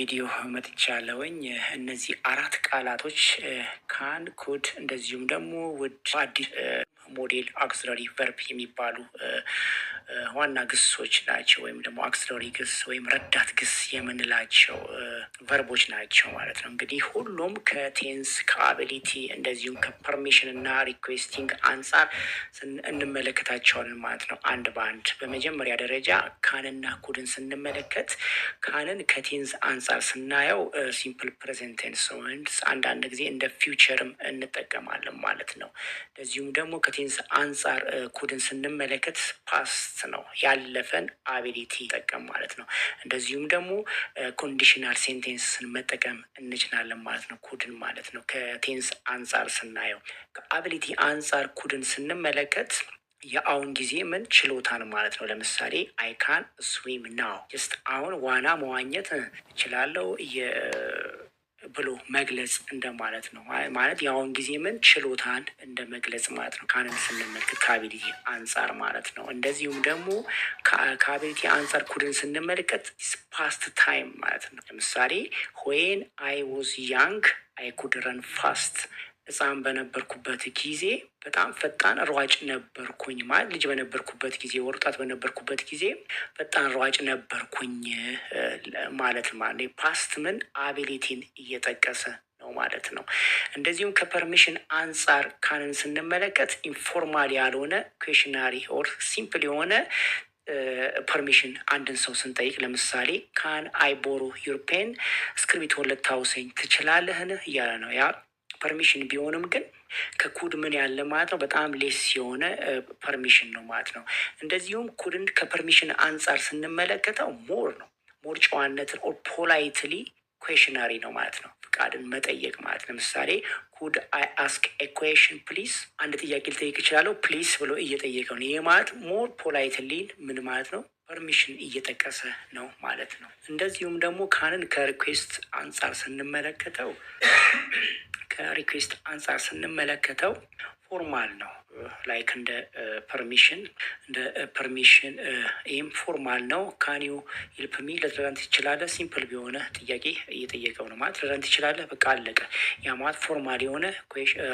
ቪዲዮ መጥቻለሁኝ። እነዚህ አራት ቃላቶች ካን፣ ኩድ እንደዚሁም ደግሞ ውድ አዲስ ሞዴል አክስለሪ ቨርብ የሚባሉ ዋና ግሶች ናቸው። ወይም ደግሞ አክስለሪ ግስ ወይም ረዳት ግስ የምንላቸው ቨርቦች ናቸው ማለት ነው። እንግዲህ ሁሉም ከቴንስ ከአቢሊቲ እንደዚሁም ከፐርሚሽን እና ሪኩዌስቲንግ አንጻር እንመለከታቸዋለን ማለት ነው። አንድ በአንድ በመጀመሪያ ደረጃ ካንና ኩድን ስንመለከት ካንን ከቴንስ አንጻር ስናየው ሲምፕል ፕሬዘንት ቴንስ አንዳንድ ጊዜ እንደ ፊውቸርም እንጠቀማለን ማለት ነው። እንደዚሁም ደግሞ ከቴ ኬንስ አንጻር ኩድን ስንመለከት ፓስት ነው ያለፈን አቢሊቲ ጠቀም ማለት ነው። እንደዚሁም ደግሞ ኮንዲሽናል ሴንቴንስን መጠቀም እንችላለን ማለት ነው። ኩድን ማለት ነው ከቴንስ አንጻር ስናየው ከአቢሊቲ አንጻር ኩድን ስንመለከት የአሁን ጊዜ ምን ችሎታን ማለት ነው። ለምሳሌ አይካን ስዊም ናው ስ አሁን ዋና መዋኘት እችላለሁ። ብሎ መግለጽ እንደማለት ነው። ማለት የአሁን ጊዜ ምን ችሎታን እንደ መግለጽ ማለት ነው። ካንን ስንመለከት ከአቢሊቲ አንጻር ማለት ነው። እንደዚሁም ደግሞ ከአቢሊቲ አንጻር ኩድን ስንመለከት ፓስት ታይም ማለት ነው። ለምሳሌ ሆን አይ ዋዝ ያንግ አይ ኩድ ረን ፋስት ህፃን በነበርኩበት ጊዜ በጣም ፈጣን ሯጭ ነበርኩኝ። ማለት ልጅ በነበርኩበት ጊዜ ወጣት በነበርኩበት ጊዜ ፈጣን ሯጭ ነበርኩኝ ማለት ማለ ፓስት ምን እየጠቀሰ ነው ማለት ነው። እንደዚሁም ከፐርሚሽን አንጻር ካንን ስንመለከት ኢንፎርማል ያልሆነ ኩዌሽናሪ ኦር ሲምፕል የሆነ ፐርሚሽን አንድን ሰው ስንጠይቅ ለምሳሌ ካን አይ ቦሮ ዩር ፔን እስክሪብቶ ልታውሰኝ ትችላለህን እያለ ነው ያ ፐርሚሽን ቢሆንም ግን ከኩድ ምን ያለ ማለት ነው በጣም ሌስ የሆነ ፐርሚሽን ነው ማለት ነው። እንደዚሁም ኩድን ከፐርሚሽን አንጻር ስንመለከተው ሞር ነው ሞር ጨዋነትን ኦር ፖላይትሊ ኩዌሽናሪ ነው ማለት ነው። ፍቃድን መጠየቅ ማለት ለምሳሌ ኩድ አይ አስክ ኤ ፕሊስ፣ አንድ ጥያቄ ልጠይቅ እችላለሁ ፕሊስ ብሎ እየጠየቀ ነው። ይሄ ማለት ሞር ፖላይትሊን ምን ማለት ነው ፐርሚሽን እየጠቀሰ ነው ማለት ነው። እንደዚሁም ደግሞ ካንን ከሪኩዌስት አንጻር ስንመለከተው ከሪኩዌስት አንጻር ስንመለከተው ፎርማል ነው ላይክ እንደ ፐርሚሽን እንደ ፐርሚሽን ይህም ፎርማል ነው። ካኒው ይልፕሚ ለትረዳን ትችላለህ? ሲምፕል የሆነ ጥያቄ እየጠየቀው ነው ማለት ትረዳን ትችላለህ፣ በቃ አለቀ። ያ ማለት ፎርማል የሆነ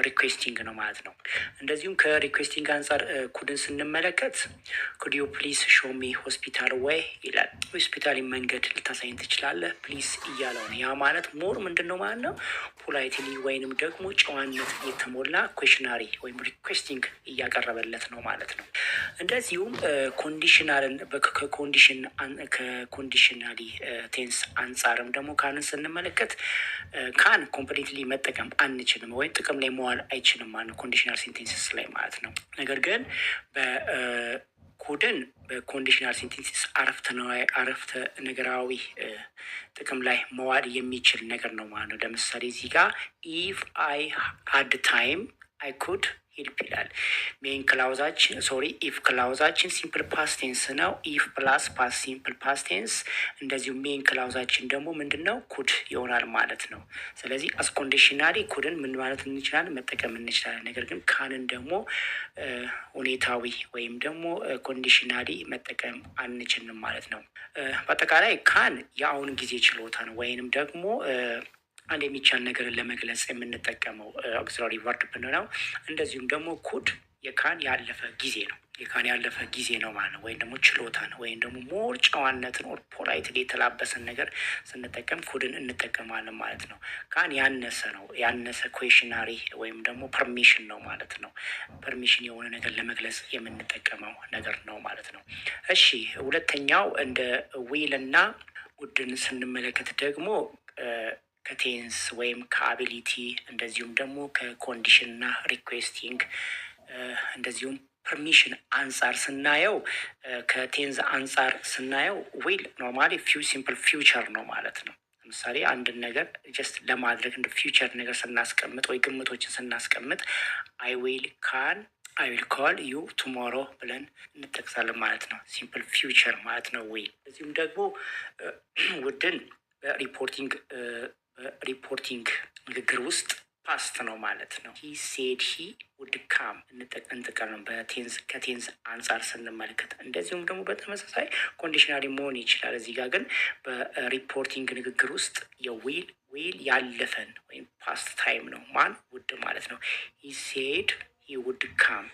ሪኩዌስቲንግ ነው ማለት ነው። እንደዚሁም ከሪኩዌስቲንግ አንጻር ኩድን ስንመለከት ኩድዩ ፕሊስ ሾሚ ሆስፒታል ወይ ይላል። ሆስፒታል መንገድ ልታሳይን ትችላለህ ፕሊስ እያለው ነው። ያ ማለት ሞር ምንድን ነው ማለት ነው ፖላይትሊ ወይንም ደግሞ ጨዋነት የተሞላ ኩዌሽናሪ ወይም ሪኩዌስቲንግ እያቀረበለት ነው ማለት ነው። እንደዚሁም ኮንዲሽናልን ከኮንዲሽናሊ ቴንስ አንጻርም ደግሞ ካንን ስንመለከት ካን ኮምፕሊትሊ መጠቀም አንችልም ወይም ጥቅም ላይ መዋል አይችልም ማለት ኮንዲሽናል ሴንቴንስስ ላይ ማለት ነው። ነገር ግን በኩድን በኮንዲሽናል ሴንቴንስስ አረፍተ ነገራዊ ጥቅም ላይ መዋል የሚችል ነገር ነው ማለት ነው። ለምሳሌ እዚህ ጋር ኢፍ አይ ሀድ ታይም አይ ኩድ ሄልፕ ይላል። ሜን ክላውዛችን ሶሪ ኢፍ ክላውዛችን ሲምፕል ፓስቴንስ ነው። ኢፍ ፕላስ ፓስ ሲምፕል ፓስቴንስ። እንደዚሁ ሜን ክላውዛችን ደግሞ ምንድን ነው? ኩድ ይሆናል ማለት ነው። ስለዚህ አስኮንዲሽናሪ ኩድን ምን ማለት እንችላለን? መጠቀም እንችላለን። ነገር ግን ካንን ደግሞ uh, ሁኔታዊ ወይም ደግሞ ኮንዲሽናሪ uh, መጠቀም አንችልም ማለት ነው። uh, በአጠቃላይ ካን የአሁን ጊዜ ችሎታ ነው ወይንም ደግሞ አንድ የሚቻል ነገርን ለመግለጽ የምንጠቀመው ኦግዚላሪ ቨርብ ብንለው፣ እንደዚሁም ደግሞ ኩድ የካን ያለፈ ጊዜ ነው። የካን ያለፈ ጊዜ ነው ማለት ነው። ወይም ደግሞ ነው። ወይም ደግሞ ሞር ጨዋነትን ኦር ፖላይት የተላበሰን ነገር ስንጠቀም ኩድን እንጠቀማለን ማለት ነው። ካን ያነሰ ነው። ያነሰ ኮሽናሪ ወይም ደግሞ ፐርሚሽን ነው ማለት ነው። ፐርሚሽን የሆነ ነገር ለመግለጽ የምንጠቀመው ነገር ነው ማለት ነው። እሺ ሁለተኛው እንደ ዊል እና ውድን ስንመለከት ደግሞ ከቴንስ ወይም ከአቢሊቲ እንደዚሁም ደግሞ ከኮንዲሽንና ሪኩዌስቲንግ እንደዚሁም ፐርሚሽን አንጻር ስናየው ከቴንዝ አንጻር ስናየው ዊል ኖርማሊ ፊው ሲምፕል ፊውቸር ነው ማለት ነው። ለምሳሌ አንድን ነገር ጀስት ለማድረግ እንደ ፊውቸር ነገር ስናስቀምጥ ወይ ግምቶችን ስናስቀምጥ አይ ዊል ካን አይ ዊል ኮል ዩ ቱሞሮ ብለን እንጠቅሳለን ማለት ነው። ሲምፕል ፊውቸር ማለት ነው ዊል። እዚሁም ደግሞ ውድን ሪፖርቲንግ በሪፖርቲንግ ንግግር ውስጥ ፓስት ነው ማለት ነው። ሂ ሴድ ሂ ውድ ካም እንጥቀም በቴንዝ ከቴንዝ አንጻር ስንመለከት። እንደዚሁም ደግሞ በተመሳሳይ ኮንዲሽናሊ መሆን ይችላል። እዚህ ጋር ግን በሪፖርቲንግ ንግግር ውስጥ የዊል ዊል ያለፈን ወይም ፓስት ታይም ነው ማን ውድ ማለት ነው። ሂ ሴድ ሂ ውድ ካም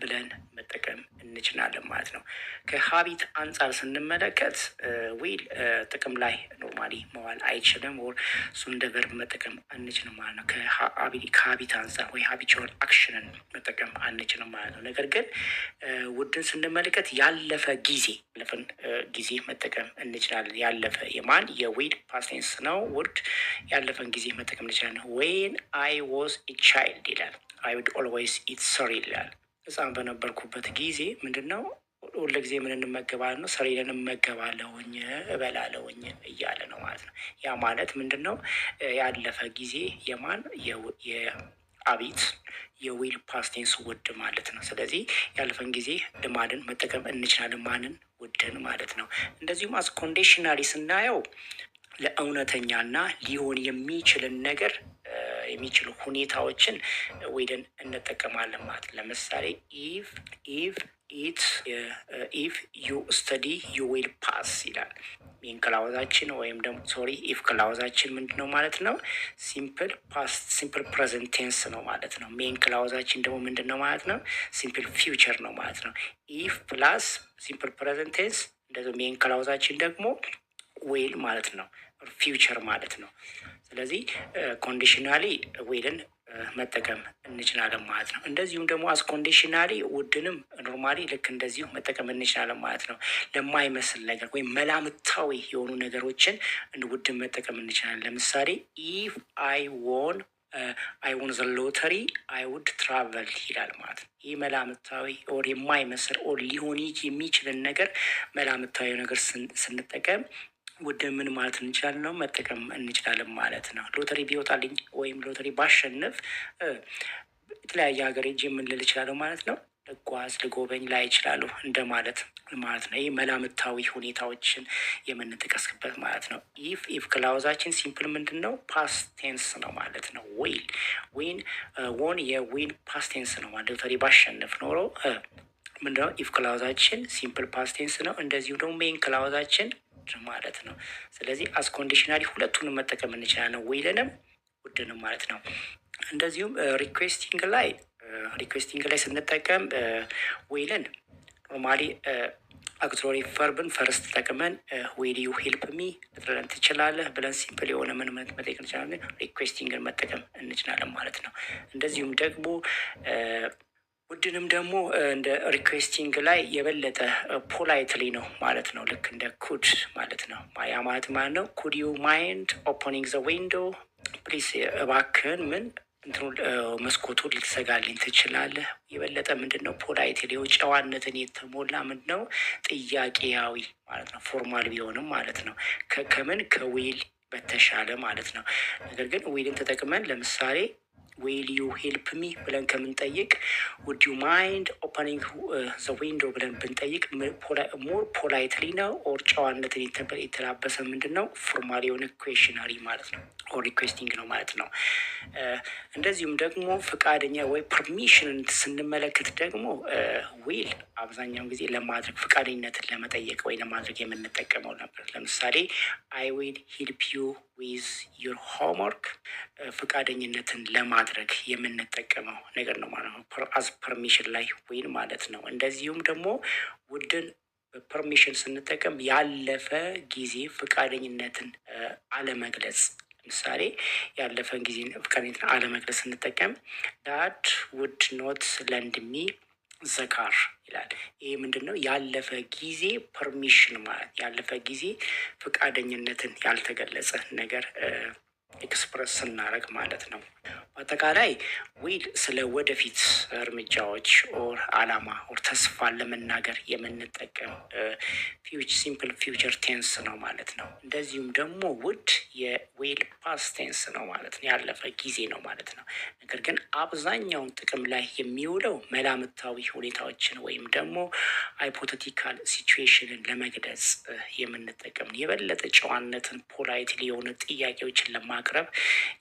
ብለን መጠቀም እንችላለን ማለት ነው። ከሀቢት አንጻር ስንመለከት ዊል ጥቅም ላይ ኖርማሊ መዋል አይችልም። ወር እሱ እንደ ቨርብ መጠቀም አንችልም ማለት ነው። ከሀቢት አንጻር ወይ ሀቢቸውን አክሽንን መጠቀም አንችልም ማለት ነው። ነገር ግን ውድን ስንመለከት ያለፈ ጊዜ ያለፈን ጊዜ መጠቀም እንችላለን። ያለፈ የማን የዊድ ፓስቴንስ ነው። ውድ ያለፈን ጊዜ መጠቀም እንችላለን። ወይን አይ ዋዝ ኤ ቻይልድ ይላል። አይ ውድ ኦልዌይስ ኢት ሶሪ ይላል። ህፃን በነበርኩበት ጊዜ ምንድን ነው ሁሉ ጊዜ ምን እንመገባለን ነው ስሬን እንመገባለሁኝ እያለ ነው ማለት ነው። ያ ማለት ምንድን ነው? ያለፈ ጊዜ የማን የአቢት የዊል ፓስቴንስ ውድ ማለት ነው። ስለዚህ ያለፈን ጊዜ ልማድን መጠቀም እንችላለን። ማንን? ውድን ማለት ነው። እንደዚሁም አስ ኮንዲሽናሊ ስናየው ለእውነተኛና ሊሆን የሚችልን ነገር የሚችሉ ሁኔታዎችን ወይደን እንጠቀማለን ማለት ለምሳሌ ኢቭ ኢቭ ኢት ኢፍ ዩ ስተዲ ዩ ዊል ፓስ ይላል። ይህን ክላውዛችን ወይም ደግሞ ሶሪ ኢፍ ክላውዛችን ምንድን ነው ማለት ነው? ሲምፕል ፓስት ሲምፕል ፕሬዘንት ቴንስ ነው ማለት ነው። ሜን ክላውዛችን ደግሞ ምንድን ነው ማለት ነው? ሲምፕል ፊውቸር ነው ማለት ነው። ኢፍ ፕላስ ሲምፕል ፕሬዘንት ቴንስ እንደዚ፣ ሜን ክላውዛችን ደግሞ ዌል ማለት ነው፣ ፊውቸር ማለት ነው። ስለዚህ ኮንዲሽናሊ uh, ዊልን መጠቀም እንችላለን ማለት ነው። እንደዚሁም ደግሞ አስኮንዲሽናሊ ውድንም ኖርማሊ ልክ እንደዚሁ መጠቀም እንችላለን ማለት ነው። ለማይመስል ነገር ወይም መላምታዊ የሆኑ ነገሮችን ውድን መጠቀም እንችላለን። ለምሳሌ ኢፍ አይ ዎን አይ ዎን ዘ ሎተሪ አይ ውድ ትራቨል ይላል ማለት ነው። ይህ መላምታዊ ኦር የማይመስል ኦር ሊሆን የሚችልን ነገር መላምታዊ ነገር ስንጠቀም ወደ ምን ማለት እንችላለን ነው መጠቀም እንችላለን ማለት ነው። ሎተሪ ቢወጣልኝ ወይም ሎተሪ ባሸንፍ የተለያየ ሀገር ሄጄ ምን ልል እችላለሁ ማለት ነው። ልጓዝ ልጎበኝ ላይ ይችላሉ እንደ ማለት ማለት ነው። ይህ መላምታዊ ሁኔታዎችን የምንጠቀስበት ማለት ነው። ኢፍ ኢፍ ክላውዛችን ሲምፕል ምንድን ነው ፓስቴንስ ነው ማለት ነው። ዊል ዊን ዎን የዊን ፓስቴንስ ነው ማለት ሎተሪ ባሸንፍ ኖሮ ምንድነው ኢፍ ክላውዛችን ሲምፕል ፓስቴንስ ነው። እንደዚሁ ደግሞ ሜን ክላውዛችን ውድ ማለት ነው። ስለዚህ አስኮንዲሽናሊ ሁለቱንም መጠቀም እንችላለን፣ ወይለንም ውድንም ማለት ነው። እንደዚሁም ሪኩዌስቲንግ ላይ ሪኩዌስቲንግ ላይ ስንጠቀም ወይለን ኖርማሊ አክትሮሪ ቨርብን ፈርስት ተጠቅመን ዌል ዩ ሄልፕ ሚ ልትለን ትችላለህ ብለን ሲምፕል የሆነ ምን ምነት መጠየቅ እንችላለን። ሪኩዌስቲንግን መጠቀም እንችላለን ማለት ነው። እንደዚሁም ደግሞ ቡድንም ደግሞ እንደ ሪኩዌስቲንግ ላይ የበለጠ ፖላይትሊ ነው ማለት ነው። ልክ እንደ ኩድ ማለት ነው። ያ ማለት ማለት ነው ኩድ ዩ ማይንድ ኦፕኒንግ ዘ ዊንዶ ፕሊስ፣ እባክህን ምን እንትኑ መስኮቱ ልትዘጋልኝ ትችላለህ? የበለጠ ምንድን ነው ፖላይትሊ ጨዋነትን የተሞላ ምንድን ነው ጥያቄያዊ ማለት ነው። ፎርማል ቢሆንም ማለት ነው ከምን ከዊል በተሻለ ማለት ነው። ነገር ግን ዊልን ተጠቅመን ለምሳሌ ዌል ዩ ሄልፕ ሚ ብለን ከምንጠይቅ ውድ ዩ ማይንድ ኦፐኒንግ ዘ ዊንዶ ብለን ብንጠይቅ ሞር ፖላይትሊ ነው። ኦር ጨዋነትን የተላበሰ ምንድን ነው ፎርማል የሆነ ኩዌሽነሪ ማለት ነው። ሪኩዌስቲንግ ነው ማለት ነው። እንደዚሁም ደግሞ ፈቃደኛ ወይ ፐርሚሽንን ስንመለከት ደግሞ ዊል አብዛኛውን ጊዜ ለማድረግ ፈቃደኝነትን ለመጠየቅ ወይ ለማድረግ የምንጠቀመው ነበር። ለምሳሌ አይ ዊል ሂልፕ ዩ ዊዝ ዩር ሆምወርክ ፈቃደኝነትን ለማድረግ የምንጠቀመው ነገር ነው ማለት ነው። አዝ ፐርሚሽን ላይ ዊል ማለት ነው። እንደዚሁም ደግሞ ውድን ፐርሚሽን ስንጠቀም ያለፈ ጊዜ ፈቃደኝነትን አለመግለጽ ምሳሌ ያለፈን ጊዜ ፍቃኔት አለመግለጽ ስንጠቀም ዳድ ውድ ኖት ለንድሚ ዘካር ይላል። ይህ ምንድን ነው? ያለፈ ጊዜ ፐርሚሽን ማለት ያለፈ ጊዜ ፍቃደኝነትን ያልተገለጸ ነገር ኤክስፕረስ ስናደረግ ማለት ነው። በአጠቃላይ ዊል ስለ ወደፊት እርምጃዎች ኦር አላማ ኦር ተስፋ ለመናገር የምንጠቀም ሲምፕል ፊውቸር ቴንስ ነው ማለት ነው። እንደዚሁም ደግሞ ውድ የዌል ፓስ ቴንስ ነው ማለት ነው፣ ያለፈ ጊዜ ነው ማለት ነው። ነገር ግን አብዛኛውን ጥቅም ላይ የሚውለው መላምታዊ ሁኔታዎችን ወይም ደግሞ ሃይፖቴቲካል ሲቹዌሽንን ለመግለጽ የምንጠቀም የበለጠ ጨዋነትን ፖላይት የሆነ ጥያቄዎችን ለማ ለማቅረብ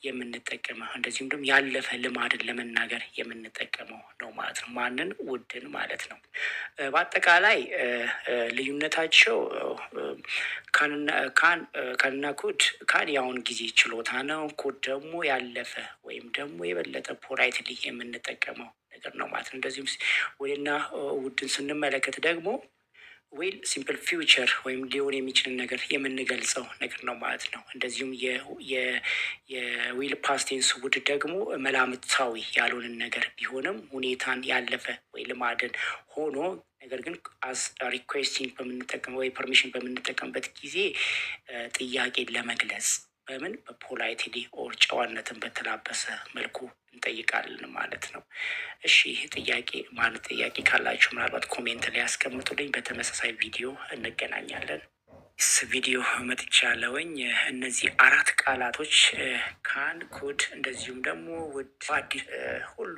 የምንጠቀመው እንደዚሁም ደግሞ ያለፈ ልማድን ለመናገር የምንጠቀመው ነው ማለት ነው። ማንን ውድን ማለት ነው። በአጠቃላይ ልዩነታቸው ካንና ኩድ ካን የአሁን ጊዜ ችሎታ ነው። ኩድ ደግሞ ያለፈ ወይም ደግሞ የበለጠ ፖላይትሊ የምንጠቀመው ነገር ነው ማለት ነው። እንደዚሁም ውድና ውድን ስንመለከት ደግሞ ዌል ሲምፕል ፊውቸር ወይም ሊሆን የሚችልን ነገር የምንገልጸው ነገር ነው ማለት ነው። እንደዚሁም የዌል ፓስቴንስ ውድ ደግሞ መላምታዊ ያልሆንን ነገር ቢሆንም ሁኔታን ያለፈ ወይ ልማድን ሆኖ ነገር ግን አስ ሪኩዌስቲንግ በምንጠቀም ወይ ፐርሚሽን በምንጠቀምበት ጊዜ ጥያቄን ለመግለጽ በምን በፖላይትሊ ኦር ጨዋነትን በተላበሰ መልኩ ይጠይቃል ማለት ነው። እሺ ይህ ጥያቄ ማለት ጥያቄ ካላችሁ ምናልባት ኮሜንት ላይ ያስቀምጡልኝ። በተመሳሳይ ቪዲዮ እንገናኛለን። ስ ቪዲዮ መጥቻለሁኝ። እነዚህ አራት ቃላቶች ካን፣ ኩድ እንደዚሁም ደግሞ ውድ፣ አዲስ ሁሉ